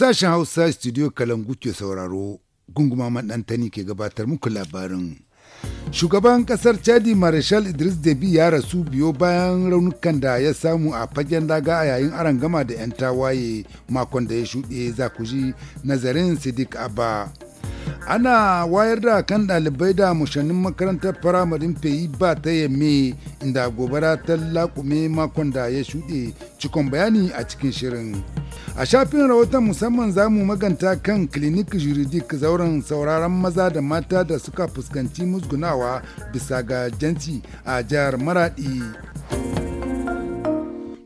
Sashen Hausa Studio Kalangu ke sauraro gunguma maɗantani ke gabatar muku labarin. Shugaban ƙasar Chadi Marshal Idris debi ya rasu biyo bayan raunukan da ya samu a fagen daga a yayin aron gama da 'yan tawaye makon da ya shuɗe za ji nazarin Sidik Abba. ana wayar da kan ɗalibai da mushannin makarantar firamarin feyi ba ta yamme inda gobara ta lakume makon da ya shuɗe cikon bayani a cikin shirin a shafin rahoton musamman za mu maganta kan clinic juridic zauren sauraron maza da mata da suka fuskanci musgunawa bisa ga janci a jihar maraɗi.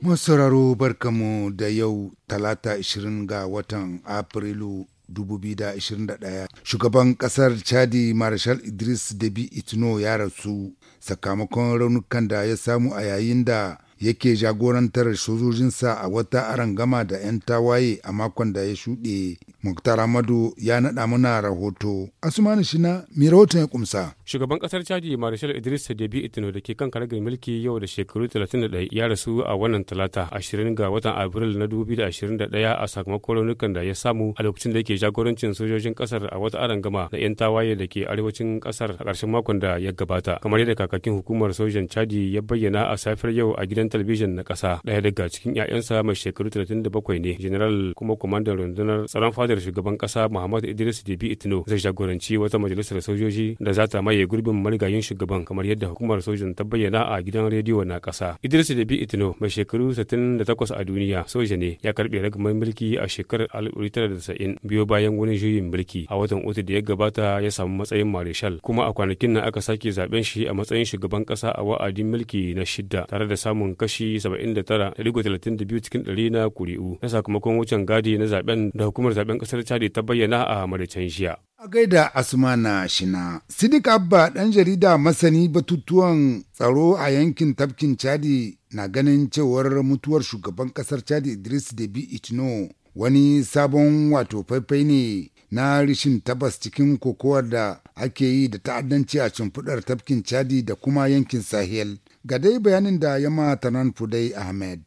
Masauraro barkamu da yau talata 20 ga watan Afrilu 2021 shugaban kasar chadi marshal idris debi itno ya rasu sakamakon raunukan da ya samu a yayin da yake jagorantar sojojinsa a wata arangama da 'yan tawaye a makon da ya shuɗe. Muktar Amadu ya naɗa mana rahoto. Asumani Shina, mai rahoton ya kumsa. Shugaban ƙasar Chadi Marshal Idris Debi Itino da ke kan karagar mulki yau da shekaru 31 ya rasu a wannan talata 20 ga watan Abril na 2021 a sakamakon raunukan da ya samu a lokacin da yake jagorancin sojojin ƙasar a wata arangama da 'yan tawaye da ke arewacin ƙasar a ƙarshen makon da ya gabata. Kamar yadda kakakin hukumar sojan Chadi ya bayyana a safiyar yau a gidan gidan talabijin na ƙasa ɗaya daga cikin 'ya'yansa mai shekaru 37 ne general kuma kwamandan rundunar tsaron fadar shugaban ƙasa muhammadu idris debi itno zai jagoranci wata majalisar sojoji da za ta maye gurbin marigayin shugaban kamar yadda hukumar sojin ta bayyana a gidan rediyo na ƙasa idris debi itno mai shekaru 68 a duniya soja ne ya karɓe ragamar mulki a shekarar 1990 biyo bayan wani juyin mulki a watan uku da ya gabata ya samu matsayin marishal. kuma a kwanakin nan aka sake zaben shi a matsayin shugaban ƙasa a wa'adin mulki na shidda tare da samun kashi 79.32 cikin ɗari na kuri'u na sakamakon wucin gadi na zaben da hukumar zaben ƙasar chadi ta bayyana a Mauritania shiya A gaida Asmana Shina, Sidik Abba dan jarida masani batutuwan tsaro a yankin tafkin Chadi na ganin cewar mutuwar shugaban ƙasar Chadi Idris Deby Itno wani sabon wato faifai ne na rishin tabbas cikin kokowar da ake yi da ta'addanci a shimfiɗar tafkin Chadi da kuma yankin Sahel. Ga dai bayanin da ya ma Tanan Fudai Ahmed.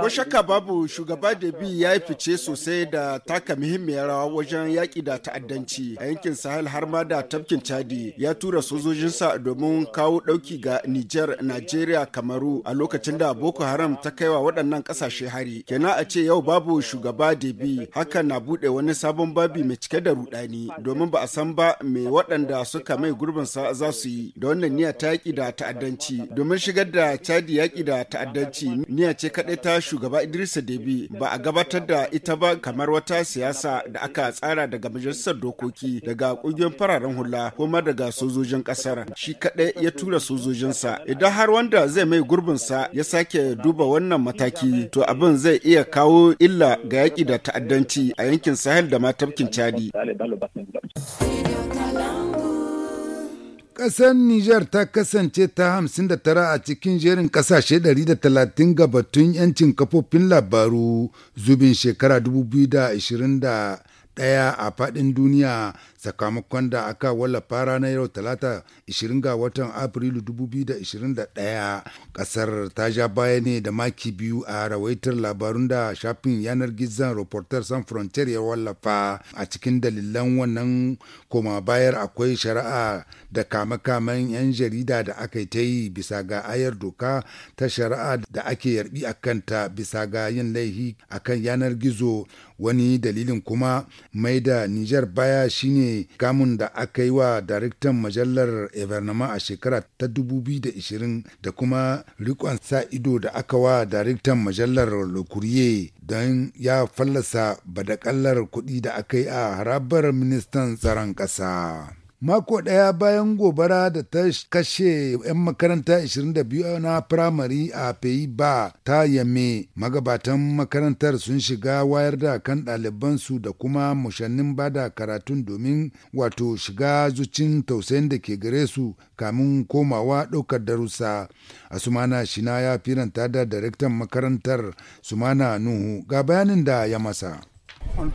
Ko shakka babu shugaba da bi ya yi fice sosai da taka muhimmiyar rawa wajen yaƙi da ta'addanci a yankin Sahel har ma da tafkin Chadi ya tura sojojinsa domin kawo ɗauki ga Nijar, Najeriya, Kamaru a lokacin da Boko Haram ta kai wa waɗannan ƙasashe hari. Kenan a ce yau babu shugaba da bi haka na buɗe wani sabon babi mai cike da rudani domin ba a san ba me waɗanda suka mai gurbinsa za su yi da wannan niyya ta yaƙi da ta'addanci domin shigar da Chadi yaƙi da ta'addanci niyya ce kaɗai ta shugaba Idrisa Debi ba a gabatar da ita ba kamar wata siyasa da aka tsara daga majalisar dokoki daga ƙungiyoyin fararen hula kuma daga sojojin ƙasar. Shi kaɗai ya tura sojojinsa. Idan har wanda zai mai gurbin sa ya sake duba wannan mataki to abin zai iya kawo illa ga yaƙi da ta'addanci a yankin Sahel da ma tafkin Chadi. Ƙasar Nijar ta kasance ta tara a cikin jerin ƙasashe 130 gabatun 'yancin kafofin labaru zubin shekara 2020 daya a faɗin duniya sakamakon da aka wallafa ranar yau talata 20 ga watan afrilu 2021 ƙasar ta ja baya ne da maki biyu a rawaitar labarun da shafin yanar gizon reporter san frontier ya wallafa a cikin dalilan wannan koma bayar akwai shari'a da kame-kamen 'yan jarida da aka yi ta yi bisa ga ayar doka ta shari'a da ake yarbi a kanta bisa ga yin laihi akan yanar gizo wani dalilin kuma mai da Nijar baya shine gamun da aka yi wa daraktan majalar Evernama a shekara ta 2020 da kuma rikon sa ido da aka wa daraktan majalar Lokuriye don ya fallasa badakallar kuɗi da aka yi a harabar ministan tsaron ƙasa. Mako ɗaya bayan gobara da ta kashe 'yan makaranta 22 na firamare a ba ta yame magabatan makarantar sun shiga wayar da kan ɗalibansu da kuma mushannin da karatun domin wato shiga zucin tausayin da ke gare su kamin komawa ɗaukar darussa. Asumana Shina ya firanta da daraktan makarantar Sumana Nuhu ga bayanin da ya masa. on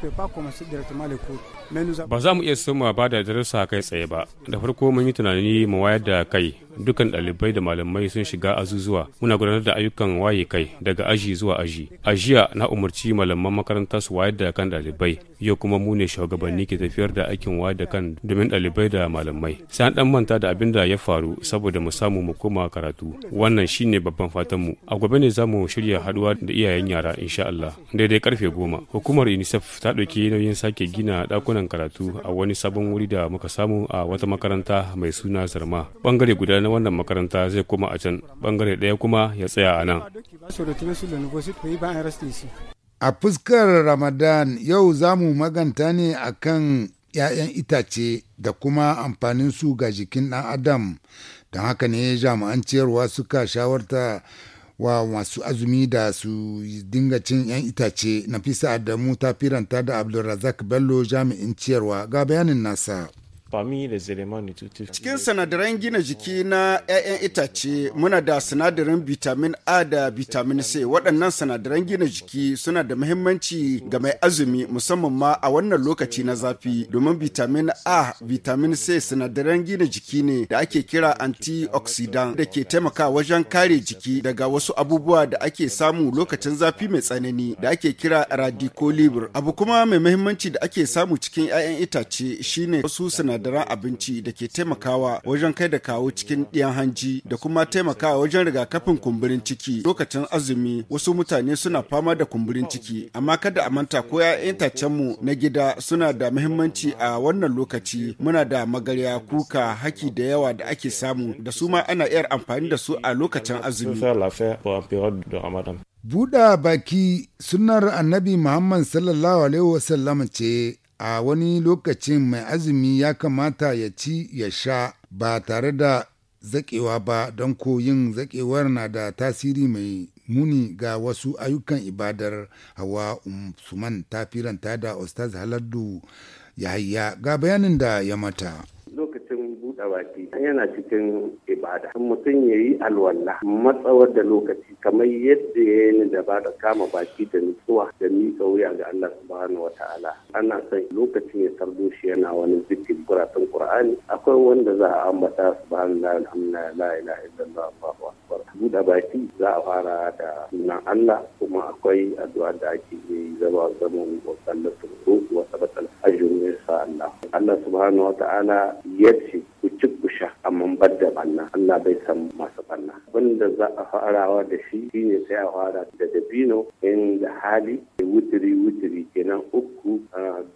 ba za mu iya soma ba da darussa kai tsaye ba da farko mun yi tunani mu wayar da kai Dukan ɗalibai da malamai sun shiga azuzuwa. Muna gudanar da ayyukan waye kai daga aji zuwa aji. ajiya na umarci malaman makaranta su wayar da kan ɗalibai. Yau kuma mu ne shugabanni ke tafiyar da aikin wayar da kan domin ɗalibai da malamai. Sai an ɗan manta da abin da ya faru saboda mu samu mu koma karatu. Wannan shine babban fatan mu A gobe ne zamu shirya haduwa da iyayen yara insha Allah. Daidai karfe goma. Hukumar UNICEF ta dauki nauyin sake gina ɗakunan karatu a wani sabon wuri da muka samu a wata makaranta mai suna Zarma. Bangare guda na wannan makaranta zai koma a can bangare ɗaya kuma ya tsaya a nan a fuskar ramadan yau za mu maganta ne a kan 'ya'yan itace da kuma amfanin su ga jikin ɗan adam don haka ne jami'an ciyarwa suka shawarta wa masu azumi da su dinga cin 'yan itace nafisa adamu ta firanta da abdulrazak bello jami'in ciyarwa ga bayanin nasa Cikin sinadaran gina jiki na 'ya'yan itace muna da sinadarin vitamin A da vitamin C waɗannan sinadaran gina jiki suna da muhimmanci ga mai azumi musamman ma a wannan lokaci na zafi domin vitamin A vitamin C sinadaran gina jiki ne da ake kira antioxidant da ke taimaka wajen kare jiki daga wasu abubuwa da ake samu lokacin zafi mai tsanani da ake kira radicolibre abu kuma mai muhimmanci da ake samu cikin 'ya'yan itace shine wasu sinadaran sinadaran abinci da ke taimakawa wajen kai da kawo cikin ɗiyan hanji da kuma taimakawa wajen rigakafin kumburin ciki lokacin azumi wasu mutane suna fama da kumburin ciki amma kada a manta ko 'ya'yan mu na gida suna da muhimmanci a wannan lokaci muna da magarya kuka haki da yawa da ake samu da su ma ana iya amfani da su a lokacin azumi Buɗa baki sunar annabi Muhammad sallallahu Alaihi wasallam ce a wani lokacin mai azumi ya kamata ya ci ya sha ba tare da zaƙewa ba don koyin zaƙewar na da tasiri mai muni ga wasu ayyukan ibadar hawa umsuman ta firanta da ostaz halardu yahaya ga bayanin da ya mata lokacin buɗe baki yana cikin ibada mutum ya yi alwala matsawar da lokaci kamar yadda ya yi da ba da kama baki da nutsuwa da miƙa wuya ga Allah subhanahu wa ta'ala ana son lokacin ya sardo shi yana wani zikir kuratun qur'ani akwai wanda za a ambata subhanallahi alhamdulillah la ilaha illallah allahu akbar buɗe baki za a fara da sunan Allah kuma akwai addu'a da ake yi zama zaman wa sallatu wa sabatal ajrun sa Allah Allah subhanahu wa ta'ala yace amma bar da banna Allah bai san masu banna wanda za a farawa da shi shine sai a fara da dabino inda hali da wuturi-wuturi kenan uku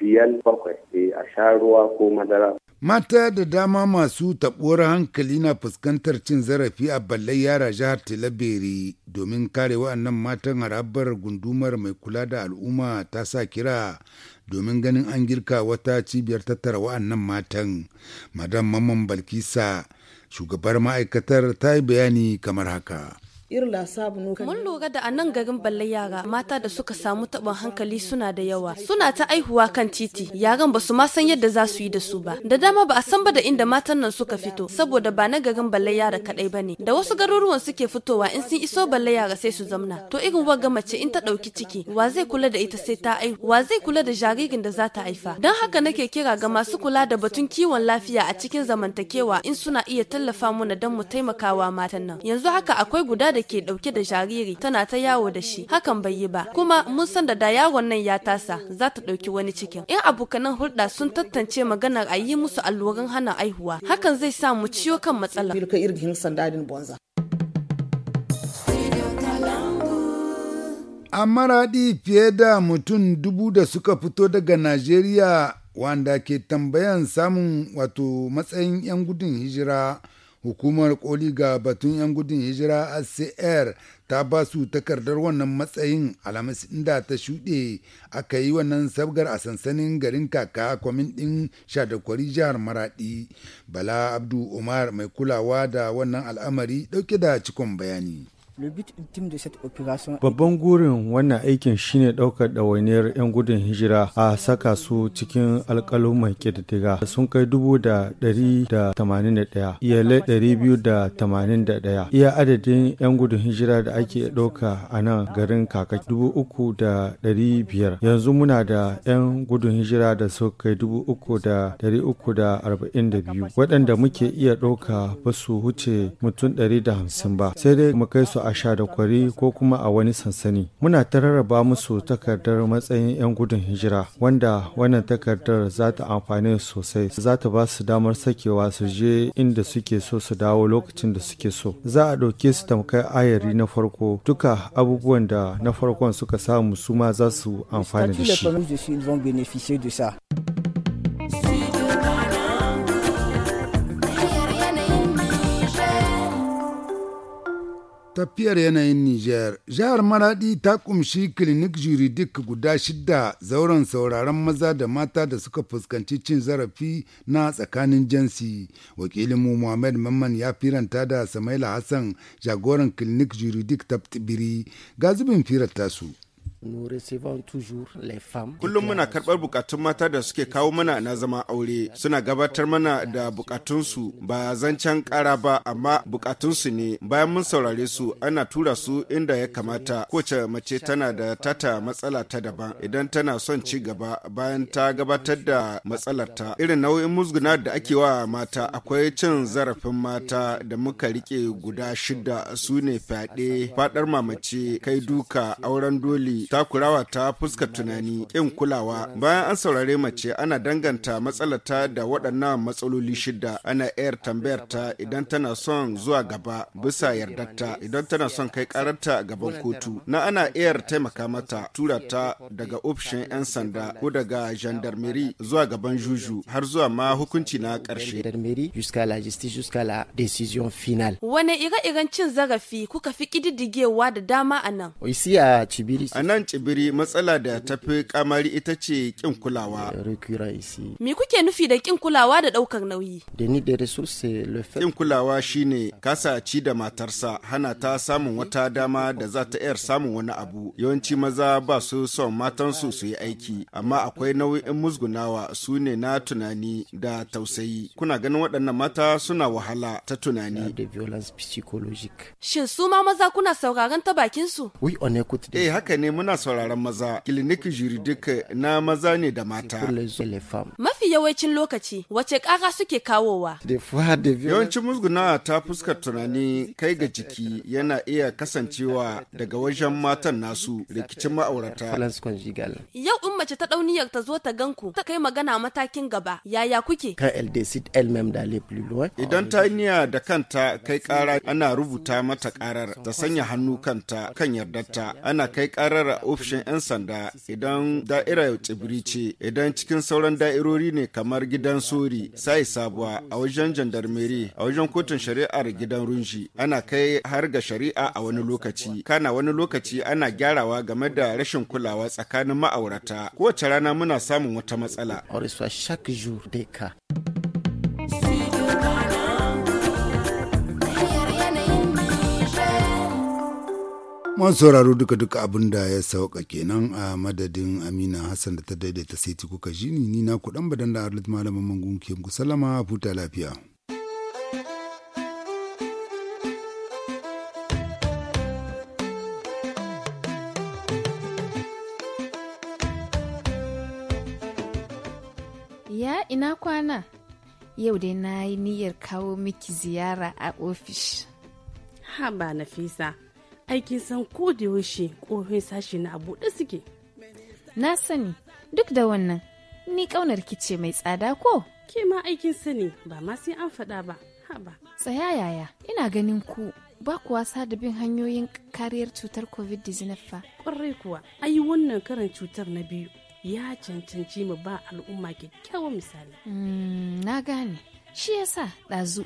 biyan bakwai eh, a sharuwa ko madara Mata da dama masu taɓuwar hankali na fuskantar cin zarafi a ballai yara jihar Talabere domin kare wa'annan matan harabar gundumar mai kula da al'umma ta sa kira domin ganin an girka wata cibiyar tattara wa'annan matan madam mamman balkisa shugabar ma'aikatar ta yi bayani kamar haka Mun lura da a nan garin balle yara mata da suka samu taɓin hankali suna da yawa. Suna ta aihuwa kan titi, yaran ba su ma san yadda za su yi da su ba. Da dama ba a san ba da inda matan nan suka fito, saboda ba na garin balle yara kaɗai ba ne. Da wasu garuruwan suke fitowa in sun iso balle yara sai su zamna. To irin wagga mace in ta ɗauki ciki, wa zai kula da ita sai ta aihu, wa zai kula da jaririn da za ta haifa. Don haka nake kira ga masu kula da batun kiwon lafiya a cikin zamantakewa in suna iya tallafa mana don mu taimakawa matan nan. Yanzu haka akwai guda da ke dauke da jariri tana ta yawo da shi hakan bai yi ba kuma mun san da da yaron nan ya tasa za ta dauki wani cikin in abokanan hulɗa sun tantance maganar a yi musu alluran hana aihuwa hakan zai sa mu ciwo kan matsala. a maraɗi fiye da mutum dubu da suka fito daga najeriya wanda ke tambayan samun wato matsayin 'yan gudun hijira hukumar koli ga batun 'yan gudun hijira acr ta ba su takardar wannan matsayin alhamis inda ta shuɗe aka yi wannan sabgar a sansanin garin kaka kwamin ɗin shadakwari jihar maraɗi bala abdu umar mai kulawa da wannan al'amari ɗauke da cikon bayani Babban gurin wannan aikin shine ɗaukar ɗawainiyar 'yan gudun hijira a saka su cikin alƙaluman ƙididdiga sun kai dubu da ɗari da tamanin da ɗaya, iyalai ɗari biyu da tamanin da ɗaya. Iya adadin 'yan gudun hijira da ake ɗauka a nan garin kaka dubu uku da ɗari biyar. Yanzu muna da 'yan gudun hijira da su kai dubu uku da ɗari uku da arba'in da biyu. Waɗanda muke iya ɗauka ba su wuce mutum ɗari da hamsin ba. Sai dai mu kai su a kwari ko kuma a wani sansani. Muna ta rarraba musu takardar matsayin 'yan gudun hijira wanda wannan takardar za ta amfani sosai za ta ba su damar sakewa su je inda suke so su dawo lokacin da suke so. Za a ɗauke su tamkar ayari na farko duka abubuwan da na farkon suka samu su ma za su amfani da shi. tafiyar yanayin Nijar. Jihar Maradi ta kumshi clinic juridik guda shidda zauren sauraron maza da mata da suka fuskanci cin zarafi na tsakanin jinsi. Wakilin mu Muhammad Mamman ya firanta da Samaila Hassan jagoran clinic juridik ta Tibiri ga zubin firar su. Kullum muna karɓar bukatun mata da suke kawo mana na zama aure suna gabatar mana da bukatunsu ba zancen ƙara ba amma bukatunsu ne bayan mun saurare su ana tura su inda ya kamata kowace mace tana da tata matsala ta daban idan tana son ci gaba bayan ta gabatar da matsalarta irin nau'in musguna da ake wa mata akwai cin zarafin mata da muka rike guda shida su ne fyaɗe faɗar mamace kai duka auren doli takurawa ta fuska tunani ƙin kulawa bayan an saurare mace ana danganta matsalata da waɗannan matsaloli shida ana yar tambayar ta idan tana son zuwa gaba bisa yardarta idan tana son kai kararta a gaban kotu na ana yar taimaka mata tura ta daga ofishin 'yan sanda ko daga gendarmerie zuwa gaban juju har zuwa ma hukunci na ƙarshe wane ire-iren cin zarafi kuka fi ƙididdigewa da dama a nan a nan tsibiri matsala da ta fi kamari ita ce kin kulawa. Me kuke nufi da kin kulawa da ɗaukar nauyi? Kin kulawa shine kasa ci da matarsa hana ta samun wata dama da za ta iya samun wani abu. Yawanci maza ba su son matansu su yi aiki, amma akwai nau'in musgunawa su ne na tunani da tausayi. Kuna ganin waɗannan mata suna wahala ta tunani. Shin su ma maza kuna sauraron ta bakinsu? Eh haka ne muna muna sauraron maza kilinik juridika na maza ne da mata mafi yawancin lokaci wace kara suke kawowa yawancin musgunawa ta fuskar tunani kai ga jiki yana iya kasancewa daga wajen matan nasu rikicin ma'aurata yau in mace ta dauniyar ta zo ta ganku ta kai magana matakin gaba yaya kuke idan ta niya da kanta kai kara ana rubuta mata karar ta sanya hannu kanta kan yardarta ana kai karar A ofishin 'yan sanda idan da'irar tsibiri ce idan cikin sauran da'irori ne kamar gidan sori sai sabuwa a wajen jandarmeri a wajen kotun shari'ar gidan runji ana kai har ga shari'a a wani lokaci kana wani lokaci ana gyarawa game da rashin kulawa tsakanin ma'aurata kowace rana muna samun wata matsala. masu sauraro duka-duka abin da ya sauka kenan a madadin amina hassan da ta daidaita saiti kuka ji ni na kudan badan da arlit malamin mangun ke muku salama futa lafiya. Ya ina kwana? Yau dai na yi niyyar kawo miki ziyara a ofis. Haba Nafisa, aikin san ko da yaushe kofin sashi na buɗe suke na sani duk da wannan ni ƙaunar kice mai tsada ko ke ma aikin sani ba ma sai an faɗa ba haba tsaya yaya ina ganin ku ba kuwa da bin hanyoyin kariyar cutar covid-19 fa ƙwarai kuwa ayi wannan karin cutar na biyu ya cancanci mu ba al'umma kyakkyawan misali. Hmm, na gane, shi yasa ɗazu